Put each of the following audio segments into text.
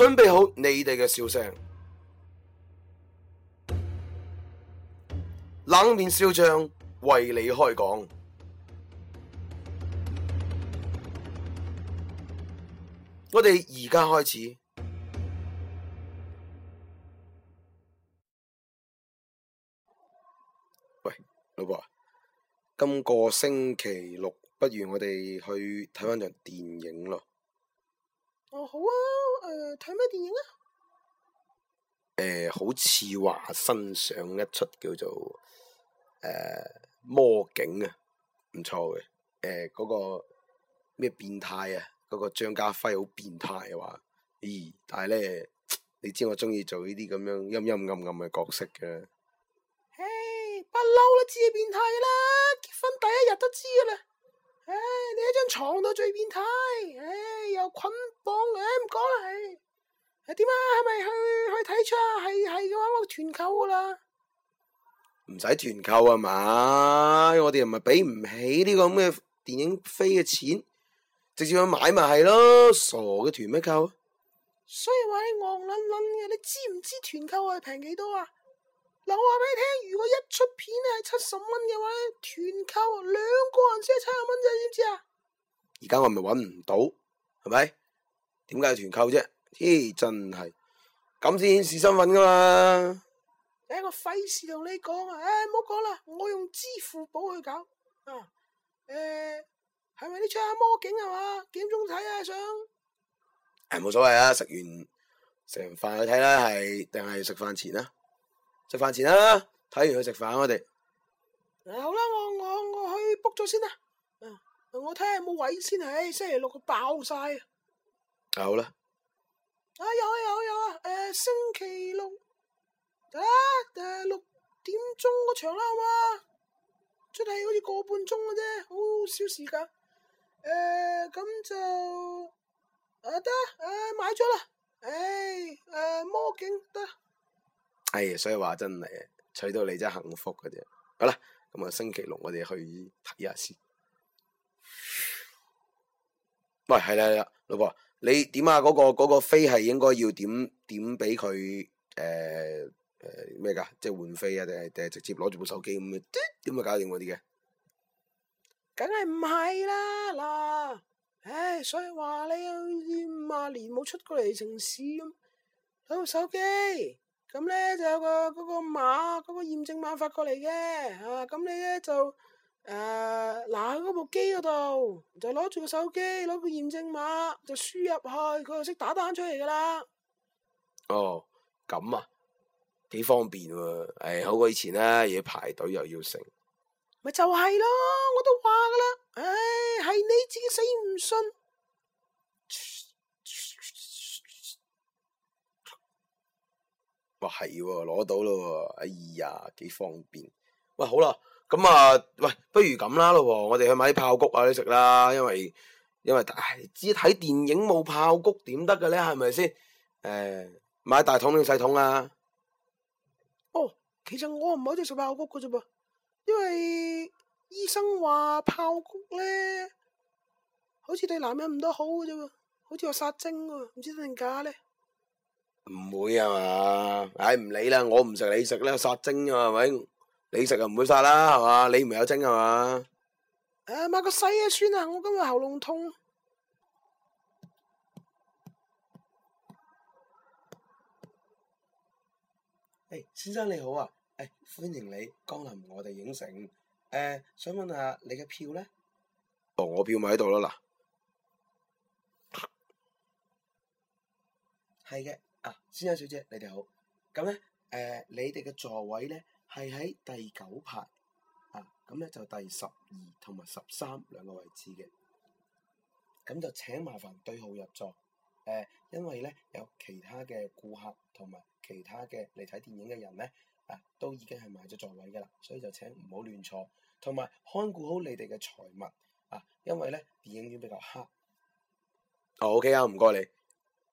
準備好你哋嘅笑聲，冷面笑匠為你開講。我哋而家開始。喂，老婆，今個星期六不如我哋去睇翻場電影咯。哦，好啊，誒，睇咩電影啊？誒，好似話新上一出叫做誒魔警啊，唔錯嘅。誒，嗰個咩變態啊？嗰個張家輝好變態啊話，咦？但係咧，你知我鍾意做呢啲咁樣陰陰暗暗嘅角色嘅。嘿，不嬲都知你變態啦！結婚第一日都知㗎啦。哎、你一張床到最變態，唉、哎、又捆綁，唉唔講啦，係點啊？係咪、啊、去去睇出啊？係係嘅話，我團購噶啦，唔使團購啊嘛？我哋又咪俾唔起呢個咁嘅電影飛嘅錢，直接去買咪係咯？傻嘅團咩購？所以話你戇捻捻嘅，你知唔知團購係平幾多啊？我話俾你聽，如果一出片咧係七十蚊嘅話咧，團購兩個人先係七十蚊啫，你知唔知啊？而家我咪搵唔到，係咪？點解要團購啫？咦、欸，真係，咁先顯示身份噶嘛？唉、欸，我費事同你講啊！唉、欸，唔好講啦，我用支付寶去搞啊。誒、欸，係咪你出下魔警係嘛？幾點鐘睇啊？想、欸？誒，冇所謂啊！食完食完飯去睇啦，係定係食飯前啊？食飯前啦，睇完去食飯。我哋好啦，我我我去 book 咗先啦、啊。我睇下有冇位先啊！唉，星期六爆晒、啊。好啦。啊有啊有啊有啊！誒、啊啊呃，星期六啊，誒、呃、六點鐘嗰場啦，好嘛？出嚟好似個半鐘嘅啫，好、哦、少時間。誒、啊，咁就誒得，誒、啊啊、買咗啦。唉、啊，誒、啊、魔警得。啊。唉、哎，所以話真係娶到你真係幸福嘅啫。好啦，咁啊，星期六我哋去睇下先。喂，係啦係啦，老婆，你點啊？嗰個嗰個飛係應該要點點俾佢？誒誒咩噶？即係換飛啊？定係定係直接攞住部手機咁？點會搞掂嗰啲嘅？梗係唔係啦嗱，唉、哎，所以話你好似五十年冇出過嚟城市咁，攞部手機。咁咧就有個嗰個碼，嗰個驗證碼發過嚟嘅，啊！咁你咧就誒，嗱嗰部機嗰度就攞住個手機，攞個驗證碼就輸入去，佢就識打單出嚟噶啦。哦，咁啊，幾方便喎！誒，好過以前啦，要排隊又要成。咪就係咯，我都話噶啦，唉，係你自己死唔信。哇，係喎，攞到咯！哎呀，幾方便！喂，好啦，咁啊，喂，不如咁啦咯，我哋去買啲爆谷啊，你食啦，因為因為唉只睇電影冇炮谷點得嘅咧，係咪先？誒、哎，買大桶定細桶啊？哦，其實我唔係好中意食炮谷嘅啫噃，因為醫生話炮谷咧，好似對男人唔多好嘅啫，好似話殺精喎，唔知真定假咧。唔會啊嘛，唉唔理啦，我唔食你食啦，殺精啊係咪？你食啊唔會殺啦係嘛？你唔係有精係嘛？誒，媽個西啊！算啦，我今日喉嚨痛。誒，先生你好啊，誒歡迎你光臨我哋影城。誒，想問下你嘅票咧？我票咪喺度咯，嗱，係嘅。啊，先生小姐，你哋好。咁咧，誒、呃，你哋嘅座位咧係喺第九排。啊，咁咧就第十二同埋十三兩個位置嘅。咁就請麻煩對號入座。誒、啊，因為咧有其他嘅顧客同埋其他嘅嚟睇電影嘅人咧，啊，都已經係買咗座位噶啦，所以就請唔好亂坐。同埋看顧好你哋嘅財物。啊，因為咧電影院比較黑。哦，OK 啊，唔該你。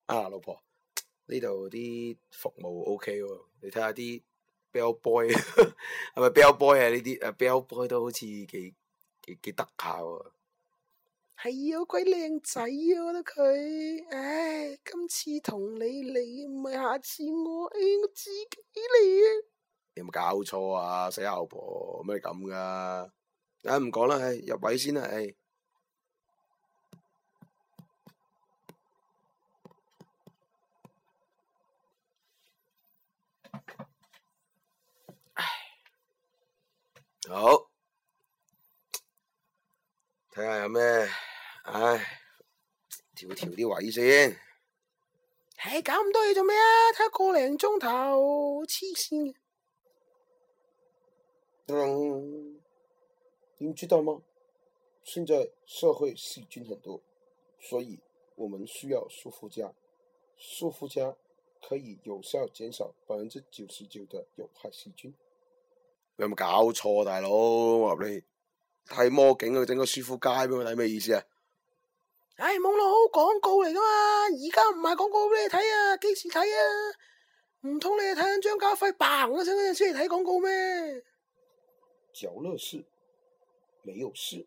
啊，老婆。呢度啲服務 OK 喎，哦，你睇下啲 bell boy 係 咪 bell boy 啊？呢啲啊 bell boy 都好似幾幾幾特效喎。係啊，哦哎，鬼靚仔啊，我覺得佢。唉，哎，今次同你嚟，唔係下次我，唉，哎，我自己嚟啊。有冇搞錯啊？死牛婆，咩咁噶？唉，哎，唔講啦，入位先啦，唉，哎。好，睇下有咩，唉，調調啲位先。唉，搞咁多嘢做咩啊？睇個零鐘頭，黐線嘅。嗯，你們知道嗎？現在社會細菌很多，所以我們需要舒膚佳。舒膚佳可以有效減少百分之九十九的有害細菌。你有冇搞錯，大佬？我話你睇魔警去整個舒富街俾我睇，咩意思啊？唉、哎，網絡好廣告嚟噶嘛？而家唔係廣告俾你睇啊？幾時睇啊？唔通你睇緊張家輝 bang 聲先嚟睇廣告咩？嚼樂事？沒有事，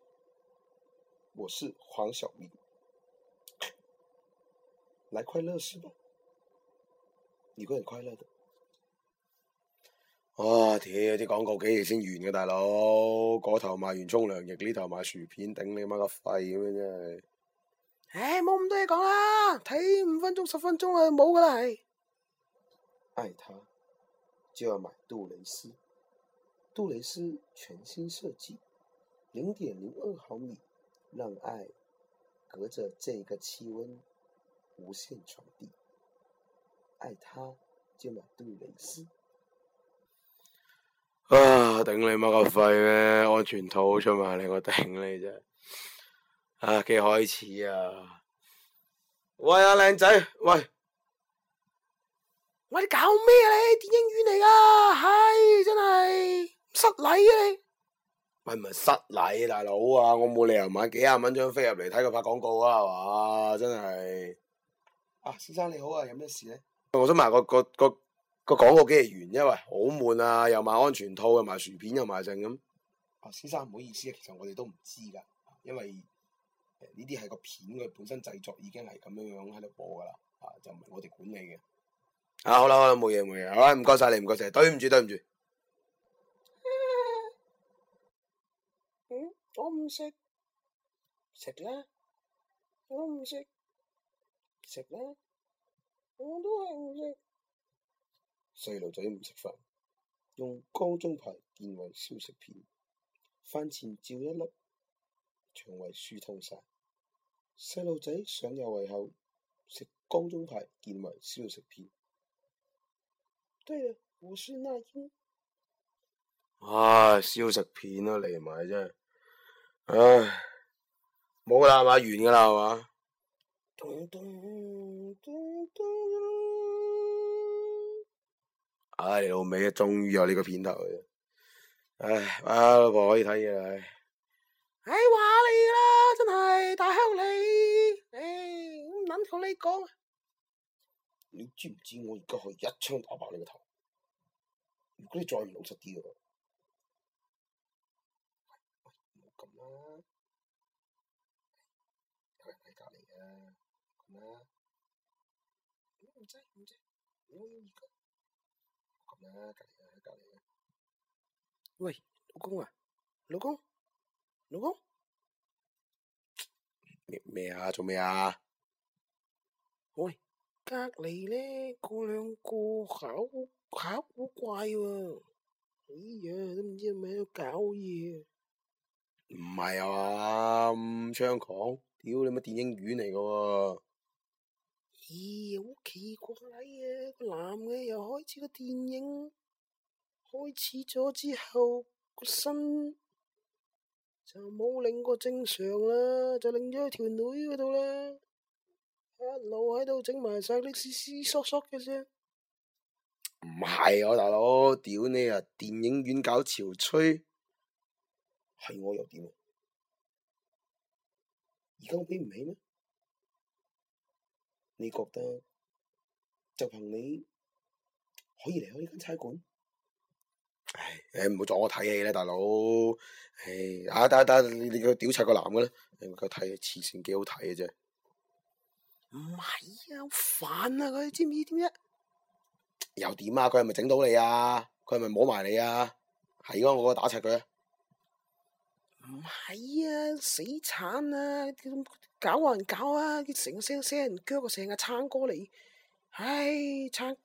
我是黃曉明，來快樂事吧！你會很快樂的。哇！天，啲廣告幾時先完嘅，大佬？嗰頭賣完沖涼液，呢頭賣薯片，頂你媽個肺咁樣真係。唉、哎，冇咁多嘢講啦，睇五分鐘十分鐘啊，冇㗎喇。哎、愛他就要買杜蕾斯，杜蕾斯全新設計，零點零二毫米，讓愛隔着這個氣溫無限傳遞。愛他就買杜蕾斯。啊！頂你媽個肺咩？安全套出埋你，我頂你啫、啊！啊，幾可恥啊！喂啊，靚仔，喂！我哋搞咩啊？你電影院嚟噶，係真係失禮啊！你！係唔係失禮、啊，大佬啊！我冇理由買幾廿蚊張飛入嚟睇佢發廣告啊，係嘛？真係啊，先生你好啊，有咩事咧？我想買個個個。個講個幾日完，因為好悶啊，又賣安全套，又賣薯片，又賣剩咁。啊，先生唔好意思，其實我哋都唔知噶，因為呢啲係個片佢本身製作已經係咁樣樣喺度播噶啦，啊就唔係我哋管理嘅。啊，好啦好啦，冇嘢冇嘢，好啦，唔該晒你，唔該晒，對唔住對唔住。嗯，我唔識食啦，我唔識食啦，我都係唔識。細路仔唔食飯，用江中牌健胃消食片，飯前照一粒，腸胃舒通晒。細路仔想有胃口，食江中牌健胃消食片。對呀，我選嚟先。哇、啊，消食片呀嚟埋真係，唉，冇啦係嘛，完噶啦係嘛。唉，老尾啊，終於有呢個片頭啦！唉，啊老婆可以睇嘢啦！唉，話你啦，真係大鄉里，唉，諗住你講，你知唔知我而家可以一槍打爆你個頭？如果你再唔老實啲嘅話，唔敢啦，睇下睇下你啦，咁啊，唔知唔知，我而家。啊、喂，老公啊，老公，老公，咩啊？做咩啊？喂，隔離呢，嗰兩個口口好怪喎，啊！哎呀，都唔知係咪喺度搞嘢。唔係啊！咁猖狂，屌你咪電影院嚟噶喎！咦，好奇怪啊！個男嘅又開始個電影開始咗之後，個身就冇擰過正常啦，就擰咗條女嗰度啦，一路喺度整埋晒啲絲絲索索嘅聲。唔係啊，大佬，屌你啊！電影院搞潮吹，係我又點啊？而家我俾唔起咩？你覺得就憑你可以離開呢間差館？唉，你唔好阻我睇戲啦，大佬。唉，啊，得、啊、得、啊，你你個屌柒個男嘅啦，唔夠睇，慈善幾好睇嘅啫。唔係啊，好煩啊，佢知唔知點啫？又點啊？佢係咪整到你啊？佢係咪摸埋你啊？係咯、啊，我打柒佢。唔係啊，死慘啊！咁搞還搞啊！佢成聲聲叫個成個撐過嚟，唉撐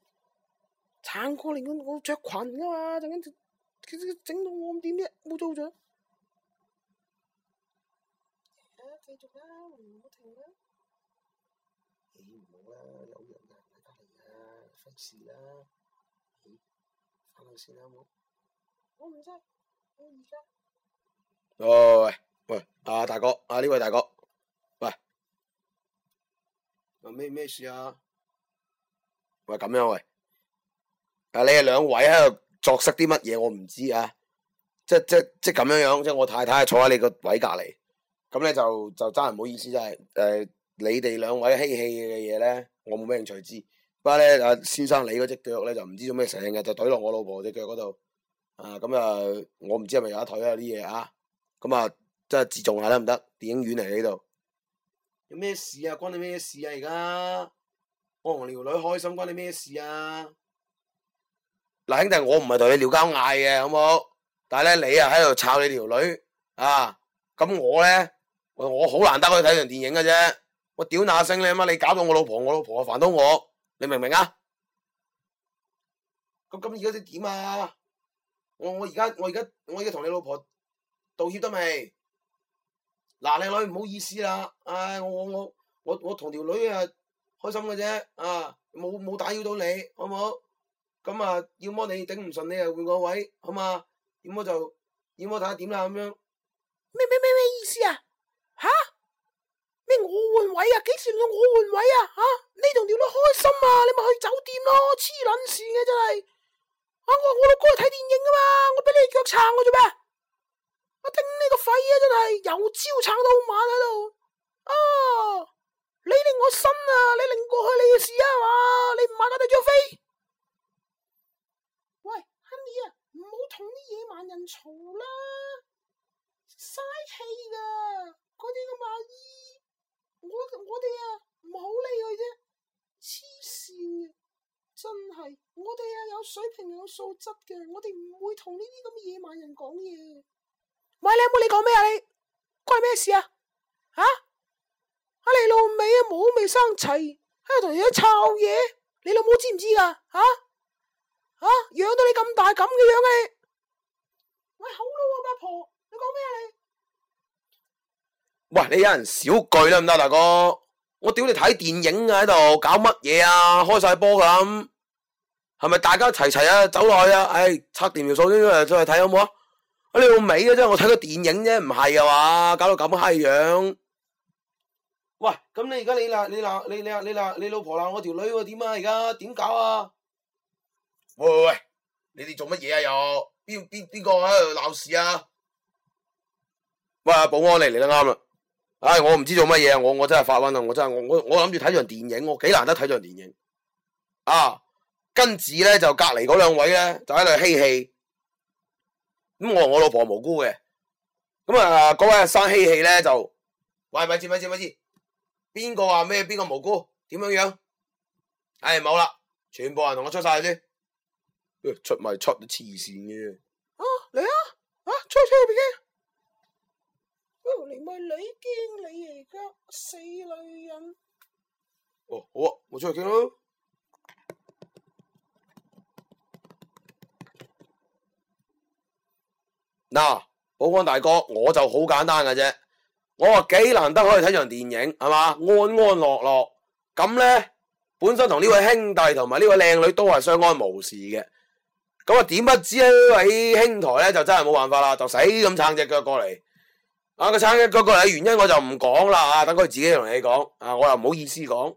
撐過嚟我我著裙噶嘛，陣間整到我咁點啫，冇做咗。嚟啦，繼續啦，唔好停啦。咦唔好啦，有樣嘢唔係得嚟啊，費事啦。返去先啦，冇，我唔識，我唔識。喂喂，阿大哥，阿呢位大哥，喂，咩咩事啊？喂，咁樣喂，誒，你哋兩位喺度作塞啲乜嘢？我唔知啊，即即即咁樣樣，即我太太坐喺你個位隔籬，咁咧就就真係唔好意思，即係誒，你哋兩位嬉戲嘅嘢咧，我冇咩興趣知。不過咧，阿先生你嗰隻腳咧就唔知做咩成嘅，就懟落我老婆隻腳嗰度，啊咁啊，我唔知係咪有一腿，啊啲嘢啊。咁啊，即係自重下得唔得？電影院嚟，呢度有咩事啊？關你咩事啊？而家我同你條女開心，關你咩事啊？嗱，兄弟，我唔係同你聊交嗌嘅，好唔好？但係咧，你啊喺度炒你條女啊，咁我咧，我好難得可以睇場電影嘅啫，我屌那聲你，嘛，你搞到我老婆，我老婆煩到我，你明唔明啊？咁咁而家即點啊？我我而家我而家我而家同你老婆道歉得未？嗱，靚女唔好意思啦。唉、哎，我我我我同條女啊，開心嘅啫啊，冇冇打擾到你，好唔好？咁啊，要麼你頂唔順，你又換個位，好嘛？要麼就，要麼睇下點啦咁樣。咩咩咩咩意思啊？吓、啊？咩我換位啊？幾時要我換位啊？吓、啊？你同條女開心啊？你咪去酒店咯！黐捻線嘅真係、啊。我我老哥去睇電影啊嘛！我俾你腳撐我做咩？我頂你個肺啊！真係由朝炒到晚喺度啊！你令我心啊！你令過去你事啊嘛！你唔係我哋張飛。喂，亨利啊，唔好同啲野蠻人嘈啦，嘥氣噶！嗰啲咁嘅馬醫我我哋啊唔好理佢啫，黐線嘅真係。我哋啊，啊，我哋啊有水平有素質嘅，我哋唔會同呢啲咁嘅野蠻人講嘢。喂，你阿妹、啊，你講咩啊，啊，啊？你關咩事啊？吓！阿你老味啊，毛未生齊，喺度同人哋炒嘢，你老母知唔知噶？吓、啊、吓，養、啊、到你咁大咁嘅樣、啊啊，你喂好咯、啊，八婆，你講咩啊？你喂你有人小句啦，唔得，大哥，我屌你睇電影啊，喺度搞乜嘢啊？開晒波咁，係咪大家齊齊啊？走落去啊！唉、哎，拆掂條數先，出去睇好冇啊？你老味啊！真係我睇個電影啫，唔係啊嘛，搞到咁嗨樣，樣，啊喂。喂，咁你而家你鬧你鬧你你你鬧你老婆鬧我條女喎？點啊？而家點搞啊？喂喂喂，你哋做乜嘢啊？又邊邊邊個喺度鬧事啊？喂，保安嚟嚟得啱啦。唉，我唔知做乜嘢啊！我我真係發瘟啦！我真係我我我諗住睇場電影，我幾難得睇場電影啊！跟住咧就隔籬嗰兩位咧就喺度嬉戲。咁我我老婆無辜嘅，咁啊嗰位生希氣咧就，喂咪知咪知咪唔知，邊個話咩邊個無辜，點樣樣？唉、哎，冇啦，全部人同我出晒先、哎，出埋出到黐線嘅，啊嚟，啊，啊出去出去邊驚，你咪你驚你而家死女人，哦好啊，我出去傾啦。嗱，保安、no, 大哥，我就好簡單嘅啫。我話幾難得可以睇場電影，係嘛，安安樂樂。咁呢，本身同呢位兄弟同埋呢位靚女都係相安無事嘅。咁啊，點不知呢位兄台呢，就真係冇辦法啦，就死咁撐隻腳過嚟。啊，個撐隻腳過嚟嘅原因我就唔講啦啊，等佢自己同你講啊，我又唔好意思講。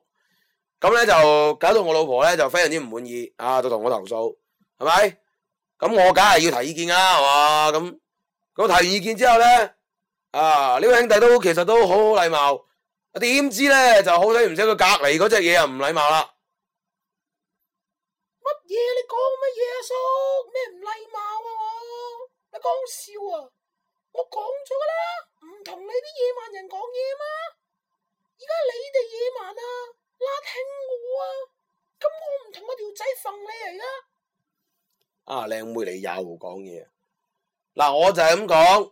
咁、啊、呢、啊，就搞到我老婆呢，就非常之唔滿意啊，就同我投訴，係咪？咁、啊啊、我梗係要提意見啦，係嘛？咁、啊。啊我提意見之後咧，啊呢位、這個、兄弟都其實都好好禮貌，點知咧就好彩唔使佢隔籬嗰隻嘢又唔禮貌啦。乜嘢？你講乜嘢啊，叔？咩唔禮貌啊？我你講笑啊？我講咗啦，唔同你啲野蠻人講嘢嘛！而家你哋野蠻啊，拉起我啊，咁我唔同我條仔訓你嚟啦。啊，靚妹、啊，你又講嘢。嗱，我就係咁講，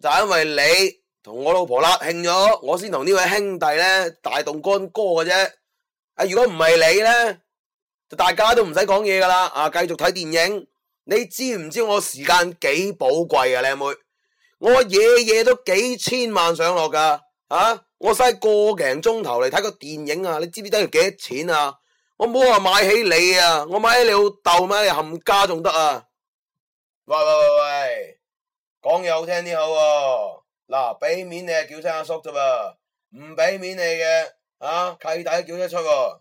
就因為你同我老婆納慶咗，我先同呢位兄弟咧大動干戈嘅啫。啊，如果唔係你咧，就大家都唔使講嘢噶啦啊，繼續睇電影。你知唔知我時間幾寶貴啊，靚妹？我夜夜都幾千萬上落噶，啊！我嘥個零鐘頭嚟睇個電影啊，你知唔知等於幾多錢啊？我冇話買起你啊，我買起你老豆買你，冚家仲得啊？喂喂喂喂！講又好聽啲好喎、哦，嗱俾面你叫聲阿叔啫噃，唔俾面你嘅，啊契弟叫得出喎、哦，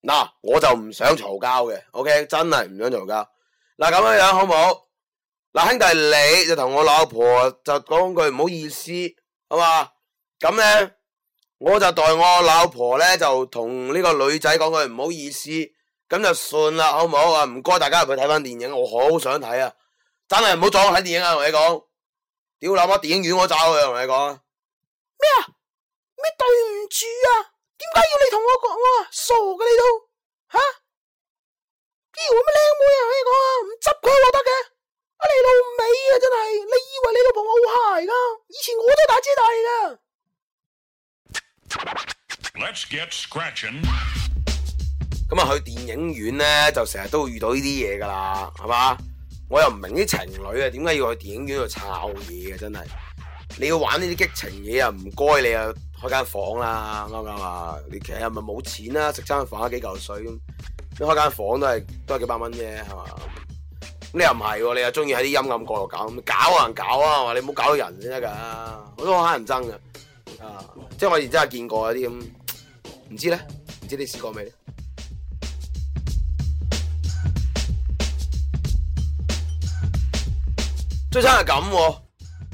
嗱我就唔想嘈交嘅，OK 真係唔想嘈交，嗱咁樣樣好唔好？嗱兄弟你就同我老婆就講句唔好意思，好嘛？咁呢，我就代我老婆呢，就同呢個女仔講句唔好意思，咁就算啦，好唔好啊？唔該大家入去睇翻電影，我好想睇啊！真係唔好阻我睇電影啊！同你講，屌你媽！電影院我走啦！同你講咩啊？咩對唔住啊？點解要你同我講啊？傻嘅你都吓？邊有咩靚妹啊？同、欸、你講啊？唔執佢我得嘅，啊你老味啊真係！你以為你老婆我好鞋噶？以前我都打遮大噶。Let's get scratching。咁啊，去電影院咧就成日都會遇到呢啲嘢噶啦，係嘛？我又唔明啲情侶啊，點解要去電影院度炒嘢啊？真係，你要玩呢啲激情嘢啊，唔該你啊開間房啦，啱啱啊？你其實係咪冇錢啦，啊？食餐飯啊幾嚿水咁，你開間房都係都係幾百蚊啫，係嘛？你又唔係，啊，你又中意喺啲陰暗角落搞咁搞啊搞啊，係你唔好搞到人先得㗎，我都好乞人憎㗎，啊！即係我而家見過啲咁，唔、嗯、知咧，知你試過未？最憎係咁，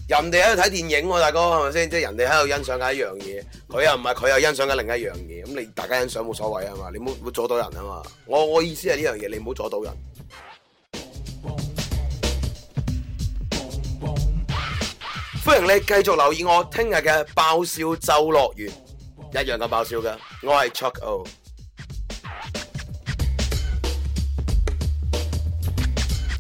人哋喺度睇電影，大哥係咪先？即係人哋喺度欣賞緊一樣嘢，佢又唔係佢又欣賞緊另一樣嘢。咁你大家欣賞冇所謂啊嘛，你冇冇阻到人啊嘛。我我意思係呢樣嘢，你唔好阻到人。 歡迎你繼續留意我聽日嘅爆笑周樂園，一樣咁爆笑噶。我係 Chuck O。